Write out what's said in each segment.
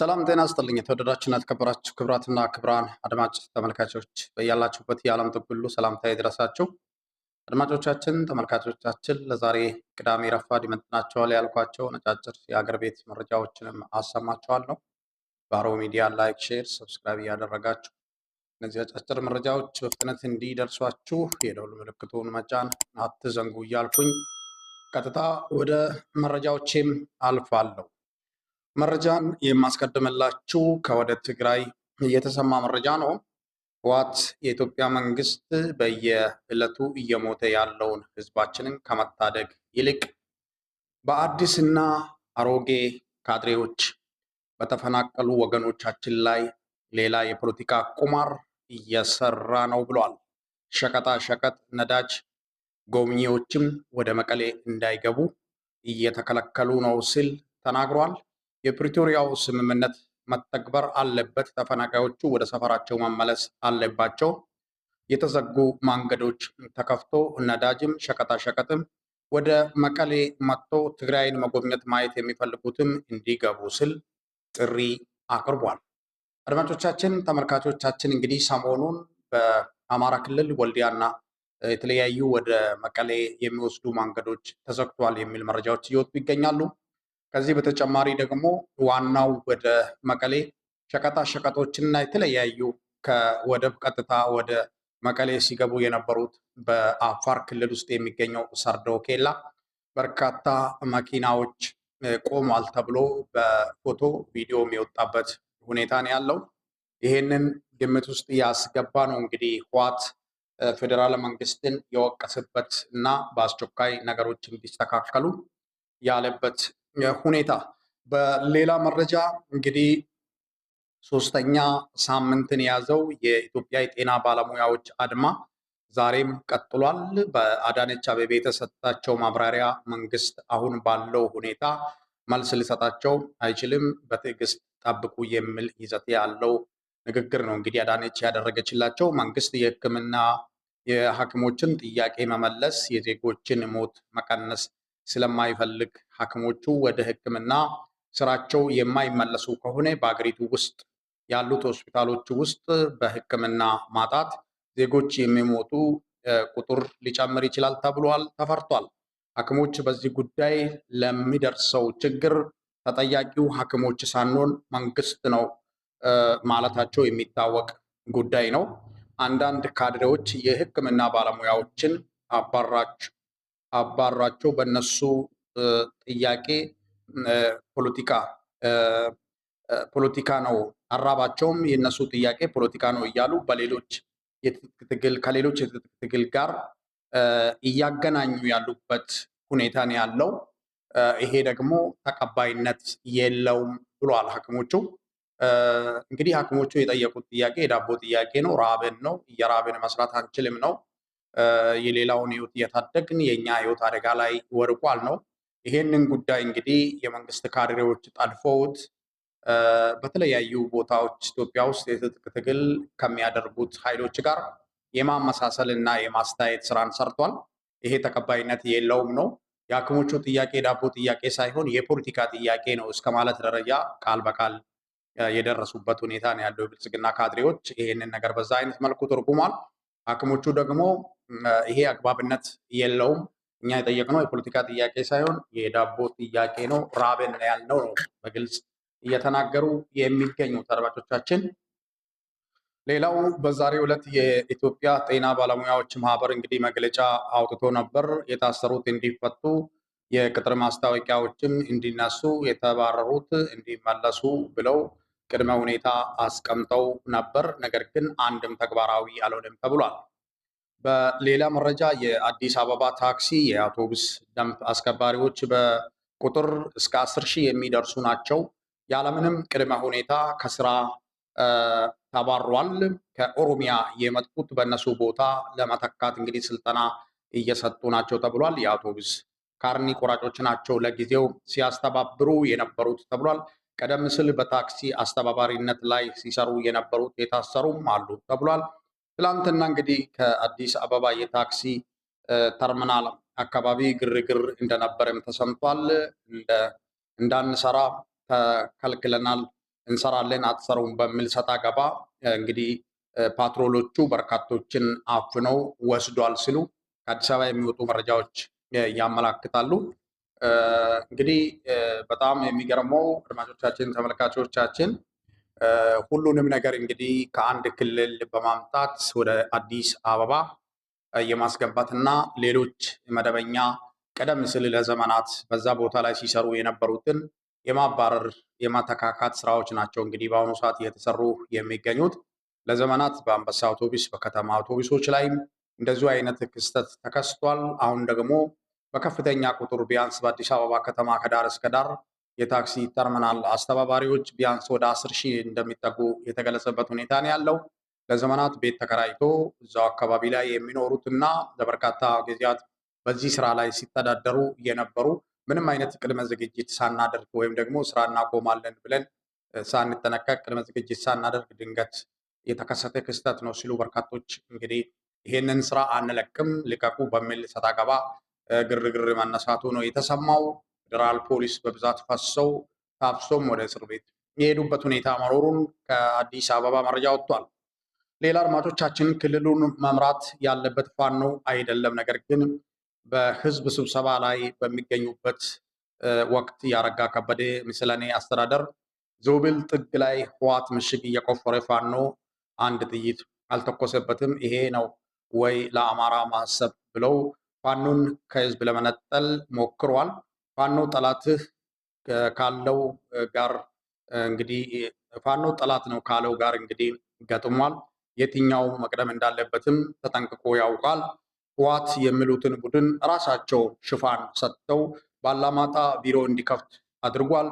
ሰላም ጤና ይስጥልኝ። የተወደዳችሁና የተከበራችሁ ክብራትና ክብራን አድማጭ ተመልካቾች በያላችሁበት የዓለም ጥግ ሁሉ ሰላምታዬ ይድረሳችሁ። አድማጮቻችን፣ ተመልካቾቻችን ለዛሬ ቅዳሜ ረፋድ ይመጥናቸዋል ያልኳቸው ነጫጭር የአገር ቤት መረጃዎችንም አሰማችኋለሁ። ባሮ ሚዲያ ላይክ፣ ሼር፣ ሰብስክራይብ እያደረጋችሁ እነዚህ አጫጭር መረጃዎች በፍጥነት እንዲደርሷችሁ የደውል ምልክቱን መጫን አትዘንጉ እያልኩኝ ቀጥታ ወደ መረጃዎቼም አልፋለሁ። መረጃን የማስቀድምላችሁ ከወደ ትግራይ እየተሰማ መረጃ ነው። ህወሓት የኢትዮጵያ መንግስት በየዕለቱ እየሞተ ያለውን ህዝባችንን ከመታደግ ይልቅ በአዲስና አሮጌ ካድሬዎች በተፈናቀሉ ወገኖቻችን ላይ ሌላ የፖለቲካ ቁማር እየሰራ ነው ብሏል። ሸቀጣ ሸቀጥ፣ ነዳጅ ጎብኚዎችም ወደ መቀሌ እንዳይገቡ እየተከለከሉ ነው ሲል ተናግሯል። የፕሪቶሪያው ስምምነት መተግበር አለበት። ተፈናቃዮቹ ወደ ሰፈራቸው መመለስ አለባቸው። የተዘጉ መንገዶች ተከፍቶ ነዳጅም ሸቀጣሸቀጥም ወደ መቀሌ መጥቶ ትግራይን መጎብኘት ማየት የሚፈልጉትም እንዲገቡ ስል ጥሪ አቅርቧል። አድማጮቻችን፣ ተመልካቾቻችን እንግዲህ ሰሞኑን በአማራ ክልል ወልዲያና የተለያዩ ወደ መቀሌ የሚወስዱ መንገዶች ተዘግቷል የሚል መረጃዎች እየወጡ ይገኛሉ። ከዚህ በተጨማሪ ደግሞ ዋናው ወደ መቀሌ ሸቀጣ ሸቀጦችና የተለያዩ ከወደብ ቀጥታ ወደ መቀሌ ሲገቡ የነበሩት በአፋር ክልል ውስጥ የሚገኘው ሰርዶ ኬላ በርካታ መኪናዎች ቆሟል ተብሎ በፎቶ ቪዲዮ የወጣበት ሁኔታ ነው ያለው። ይሄንን ግምት ውስጥ ያስገባ ነው እንግዲህ ህዋት ፌዴራል መንግስትን የወቀስበት እና በአስቸኳይ ነገሮች እንዲስተካከሉ ያለበት ሁኔታ። በሌላ መረጃ እንግዲህ ሶስተኛ ሳምንትን የያዘው የኢትዮጵያ የጤና ባለሙያዎች አድማ ዛሬም ቀጥሏል። በአዳነች አቤቤ የተሰጣቸው ማብራሪያ መንግስት አሁን ባለው ሁኔታ መልስ ሊሰጣቸው አይችልም፣ በትዕግስት ጠብቁ የሚል ይዘት ያለው ንግግር ነው እንግዲህ አዳነች ያደረገችላቸው። መንግስት የሕክምና የሐኪሞችን ጥያቄ መመለስ፣ የዜጎችን ሞት መቀነስ ስለማይፈልግ ሐኪሞቹ ወደ ሕክምና ስራቸው የማይመለሱ ከሆነ በአገሪቱ ውስጥ ያሉት ሆስፒታሎች ውስጥ በሕክምና ማጣት ዜጎች የሚሞቱ ቁጥር ሊጨምር ይችላል ተብሏል፣ ተፈርቷል። ሐኪሞች በዚህ ጉዳይ ለሚደርሰው ችግር ተጠያቂው ሐኪሞች ሳንሆን መንግስት ነው ማለታቸው የሚታወቅ ጉዳይ ነው። አንዳንድ ካድሬዎች የህክምና ባለሙያዎችን አባራች አባሯቸው በነሱ ጥያቄ ፖለቲካ ፖለቲካ ነው አራባቸውም የነሱ ጥያቄ ፖለቲካ ነው እያሉ በሌሎች የትጥቅ ትግል ከሌሎች የትጥቅ ትግል ጋር እያገናኙ ያሉበት ሁኔታ ነው ያለው። ይሄ ደግሞ ተቀባይነት የለውም ብሏል ሐኪሞቹ። እንግዲህ ሐኪሞቹ የጠየቁት ጥያቄ የዳቦ ጥያቄ ነው፣ ራብን ነው፣ እየራብን መስራት አንችልም ነው የሌላውን ህይወት እየታደግን የእኛ ህይወት አደጋ ላይ ወርቋል ነው። ይሄንን ጉዳይ እንግዲህ የመንግስት ካድሬዎች ጠልፈውት በተለያዩ ቦታዎች ኢትዮጵያ ውስጥ የትጥቅ ትግል ከሚያደርጉት ኃይሎች ጋር የማመሳሰል እና የማስተያየት ስራን ሰርቷል። ይሄ ተቀባይነት የለውም ነው። የሐኪሞቹ ጥያቄ ዳቦ ጥያቄ ሳይሆን የፖለቲካ ጥያቄ ነው እስከ ማለት ደረጃ ቃል በቃል የደረሱበት ሁኔታ ነው ያለው። የብልጽግና ካድሬዎች ይሄንን ነገር በዛ አይነት መልኩ ተርጉሟል። ሐኪሞቹ ደግሞ ይሄ አግባብነት የለውም። እኛ የጠየቅነው የፖለቲካ ጥያቄ ሳይሆን የዳቦ ጥያቄ ነው፣ ራብን ያልነው ነው በግልጽ እየተናገሩ የሚገኙ አድማጮቻችን። ሌላው በዛሬው ዕለት የኢትዮጵያ ጤና ባለሙያዎች ማህበር እንግዲህ መግለጫ አውጥቶ ነበር። የታሰሩት እንዲፈቱ፣ የቅጥር ማስታወቂያዎችም እንዲነሱ፣ የተባረሩት እንዲመለሱ ብለው ቅድመ ሁኔታ አስቀምጠው ነበር። ነገር ግን አንድም ተግባራዊ አልሆነም ተብሏል። በሌላ መረጃ የአዲስ አበባ ታክሲ የአውቶቡስ ደንብ አስከባሪዎች በቁጥር እስከ አስር ሺህ የሚደርሱ ናቸው። ያለምንም ቅድመ ሁኔታ ከስራ ተባሯል። ከኦሮሚያ የመጡት በእነሱ ቦታ ለመተካት እንግዲህ ስልጠና እየሰጡ ናቸው ተብሏል። የአውቶቡስ ካርኒ ቆራጮች ናቸው ለጊዜው ሲያስተባብሩ የነበሩት ተብሏል። ቀደም ሲል በታክሲ አስተባባሪነት ላይ ሲሰሩ የነበሩት የታሰሩም አሉ ተብሏል። ትላንትና እንግዲህ ከአዲስ አበባ የታክሲ ተርሚናል አካባቢ ግርግር እንደነበረም ተሰምቷል። እንዳንሰራ ተከልክለናል፣ እንሰራለን አትሰሩም በሚል ሰጣ ገባ እንግዲህ ፓትሮሎቹ በርካቶችን አፍነው ወስዷል ሲሉ ከአዲስ አበባ የሚወጡ መረጃዎች ያመላክታሉ። እንግዲህ በጣም የሚገርመው አድማጮቻችን፣ ተመልካቾቻችን ሁሉንም ነገር እንግዲህ ከአንድ ክልል በማምጣት ወደ አዲስ አበባ የማስገባትና ሌሎች መደበኛ ቀደም ሲል ለዘመናት በዛ ቦታ ላይ ሲሰሩ የነበሩትን የማባረር የማተካካት ስራዎች ናቸው እንግዲህ በአሁኑ ሰዓት እየተሰሩ የሚገኙት። ለዘመናት በአንበሳ አውቶቡስ በከተማ አውቶቡሶች ላይም እንደዚሁ አይነት ክስተት ተከስቷል። አሁን ደግሞ በከፍተኛ ቁጥር ቢያንስ በአዲስ አበባ ከተማ ከዳር እስከ ዳር የታክሲ ተርሚናል አስተባባሪዎች ቢያንስ ወደ አስር ሺህ እንደሚጠጉ የተገለጸበት ሁኔታ ነው ያለው። ለዘመናት ቤት ተከራይቶ እዛው አካባቢ ላይ የሚኖሩትና ለበርካታ ጊዜያት በዚህ ስራ ላይ ሲተዳደሩ የነበሩ ምንም አይነት ቅድመ ዝግጅት ሳናደርግ ወይም ደግሞ ስራ እናቆማለን ብለን ሳንጠነቀቅ ቅድመ ዝግጅት ሳናደርግ ድንገት የተከሰተ ክስተት ነው ሲሉ በርካቶች እንግዲህ ይሄንን ስራ አንለቅም ልቀቁ በሚል ሰጣ ገባ ግርግር መነሳቱ ነው የተሰማው። ፌዴራል ፖሊስ በብዛት ፈሰው ታፍሶም ወደ እስር ቤት የሄዱበት ሁኔታ መኖሩን ከአዲስ አበባ መረጃ ወጥቷል። ሌላ አድማጮቻችን፣ ክልሉን መምራት ያለበት ፋኖ አይደለም፣ ነገር ግን በህዝብ ስብሰባ ላይ በሚገኙበት ወቅት ያረጋ ከበደ ምስለኔ አስተዳደር ዝውብል ጥግ ላይ ህዋት ምሽግ እየቆፈረ ፋኖ አንድ ጥይት አልተኮሰበትም። ይሄ ነው ወይ ለአማራ ማሰብ ብለው ፋኖን ከህዝብ ለመነጠል ሞክሯል። ፋኖ ጠላትህ ካለው ጋር እንግዲህ ፋኖ ጠላት ነው ካለው ጋር እንግዲህ ገጥሟል። የትኛው መቅደም እንዳለበትም ተጠንቅቆ ያውቃል። ህዋት የሚሉትን ቡድን ራሳቸው ሽፋን ሰጥተው ባላማጣ ቢሮ እንዲከፍት አድርጓል።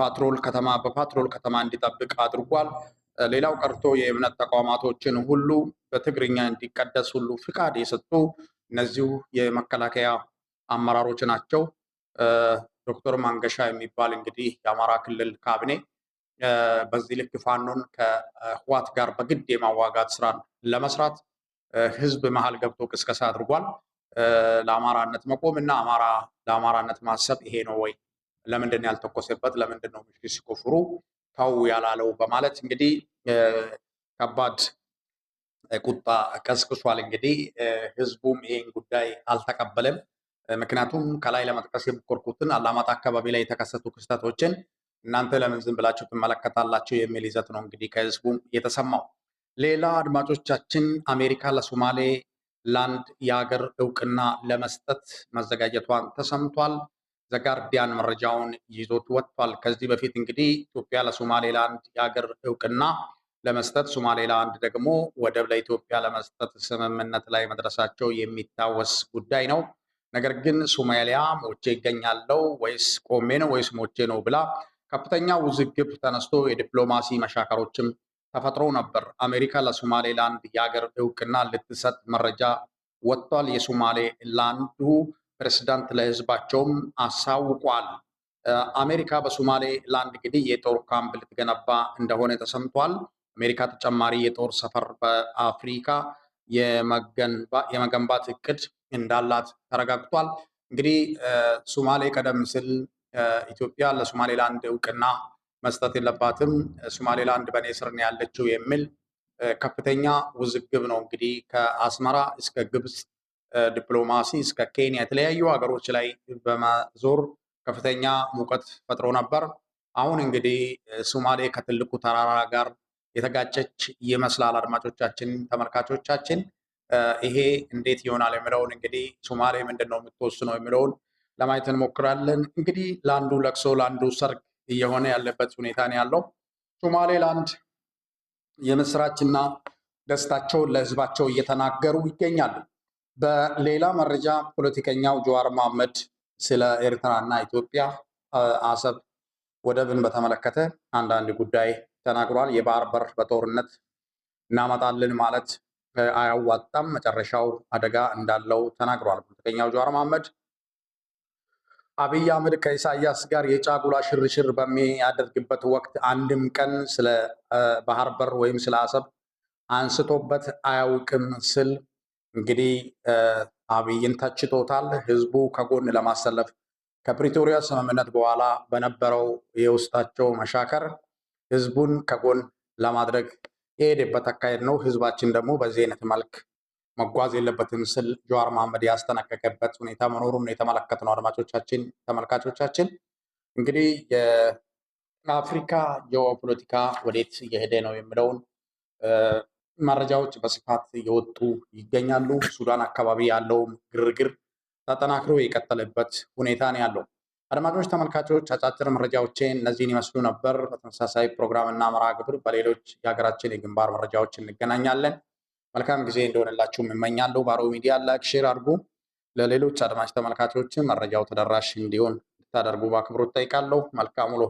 ፓትሮል ከተማ በፓትሮል ከተማ እንዲጠብቅ አድርጓል። ሌላው ቀርቶ የእምነት ተቋማቶችን ሁሉ በትግርኛ እንዲቀደስ ሁሉ ፍቃድ የሰጡ እነዚሁ የመከላከያ አመራሮች ናቸው። ዶክተር ማንገሻ የሚባል እንግዲህ የአማራ ክልል ካቢኔ በዚህ ልክ ፋኖን ከህዋት ጋር በግድ የማዋጋት ስራን ለመስራት ህዝብ መሀል ገብቶ ቅስቀሳ አድርጓል። ለአማራነት መቆም እና አማራ ለአማራነት ማሰብ ይሄ ነው ወይ? ለምንድን ነው ያልተኮሰበት? ለምንድን ነው ምሽግ ሲቆፍሩ ተው ያላለው? በማለት እንግዲህ ከባድ ቁጣ ቀስቅሷል። እንግዲህ ህዝቡም ይሄን ጉዳይ አልተቀበለም። ምክንያቱም ከላይ ለመጥቀስ የሞከርኩትን አላማጣ አካባቢ ላይ የተከሰቱ ክስተቶችን እናንተ ለምን ዝም ብላችሁ ትመለከታላችሁ የሚል ይዘት ነው እንግዲህ ከህዝቡ የተሰማው። ሌላ አድማጮቻችን አሜሪካ ለሶማሌ ላንድ የሀገር እውቅና ለመስጠት መዘጋጀቷን ተሰምቷል። ዘጋርዲያን መረጃውን ይዞት ወጥቷል። ከዚህ በፊት እንግዲህ ኢትዮጵያ ለሶማሌላንድ የሀገር እውቅና ለመስጠት ሶማሌላንድ ደግሞ ወደብ ለኢትዮጵያ ለመስጠት ስምምነት ላይ መድረሳቸው የሚታወስ ጉዳይ ነው። ነገር ግን ሶማሊያ ሞቼ ይገኛለው ወይስ ቆሜ ነው ወይስ ሞቼ ነው ብላ ከፍተኛ ውዝግብ ተነስቶ የዲፕሎማሲ መሻከሮችም ተፈጥሮ ነበር። አሜሪካ ለሶማሌላንድ የሀገር እውቅና ልትሰጥ መረጃ ወጥቷል። የሶማሌላንዱ ፕሬዚዳንት ለህዝባቸውም አሳውቋል። አሜሪካ ላንድ እንግዲህ የጦር ካምፕ ልትገነባ እንደሆነ ተሰምቷል። አሜሪካ ተጨማሪ የጦር ሰፈር በአፍሪካ የመገንባት እቅድ እንዳላት ተረጋግቷል። እንግዲህ ሶማሌ ቀደም ሲል ኢትዮጵያ ለሶማሌላንድ እውቅና መስጠት የለባትም፣ ሶማሌላንድ በእኔ ስር ነው ያለችው የሚል ከፍተኛ ውዝግብ ነው እንግዲህ ከአስመራ እስከ ግብፅ ዲፕሎማሲ እስከ ኬንያ የተለያዩ ሀገሮች ላይ በመዞር ከፍተኛ ሙቀት ፈጥሮ ነበር። አሁን እንግዲህ ሶማሌ ከትልቁ ተራራ ጋር የተጋጨች ይመስላል። አድማጮቻችን፣ ተመልካቾቻችን ይሄ እንዴት ይሆናል የምለውን እንግዲህ ሱማሌ ምንድን ነው የምትወስነው የሚለውን ለማየት እንሞክራለን። እንግዲህ ለአንዱ ለቅሶ ለአንዱ ሰርግ እየሆነ ያለበት ሁኔታ ነው ያለው። ሶማሌላንድ የምስራችና ደስታቸው ለህዝባቸው እየተናገሩ ይገኛሉ። በሌላ መረጃ ፖለቲከኛው ጀዋር መሐመድ ስለ ኤርትራና ኢትዮጵያ አሰብ ወደብን በተመለከተ አንዳንድ ጉዳይ ተናግሯል። የባህር በር በጦርነት እናመጣለን ማለት አያዋጣም፣ መጨረሻው አደጋ እንዳለው ተናግሯል። ፖለቲከኛው ጀዋር መሐመድ አብይ አህመድ ከኢሳያስ ጋር የጫጉላ ሽርሽር በሚያደርግበት ወቅት አንድም ቀን ስለ ባህር በር ወይም ስለ አሰብ አንስቶበት አያውቅም ስል እንግዲህ አብይን ተችቶታል። ህዝቡ ከጎን ለማሰለፍ ከፕሪቶሪያ ስምምነት በኋላ በነበረው የውስጣቸው መሻከር ህዝቡን ከጎን ለማድረግ የሄደበት አካሄድ ነው። ህዝባችን ደግሞ በዚህ አይነት መልክ መጓዝ የለበትም ስል ጀዋር መሐመድ ያስጠነቀቀበት ሁኔታ መኖሩም የተመለከት ነው። አድማጮቻችን፣ ተመልካቾቻችን እንግዲህ የአፍሪካ ጂኦፖለቲካ ወዴት እየሄደ ነው የሚለውን መረጃዎች በስፋት የወጡ ይገኛሉ። ሱዳን አካባቢ ያለውም ግርግር ተጠናክሮ የቀጠለበት ሁኔታ ነው ያለው። አድማጮች ተመልካቾች፣ አጫጭር መረጃዎቼ እነዚህን ይመስሉ ነበር። በተመሳሳይ ፕሮግራምና መርሃ ግብር በሌሎች የሀገራችን የግንባር መረጃዎች እንገናኛለን። መልካም ጊዜ እንደሆነላችሁ እመኛለሁ። ባሮ ሚዲያ ላይክ፣ ሼር አድርጉ። ለሌሎች አድማጭ ተመልካቾችም መረጃው ተደራሽ እንዲሆን እንድታደርጉ በአክብሮት ጠይቃለሁ። መልካም ውሎ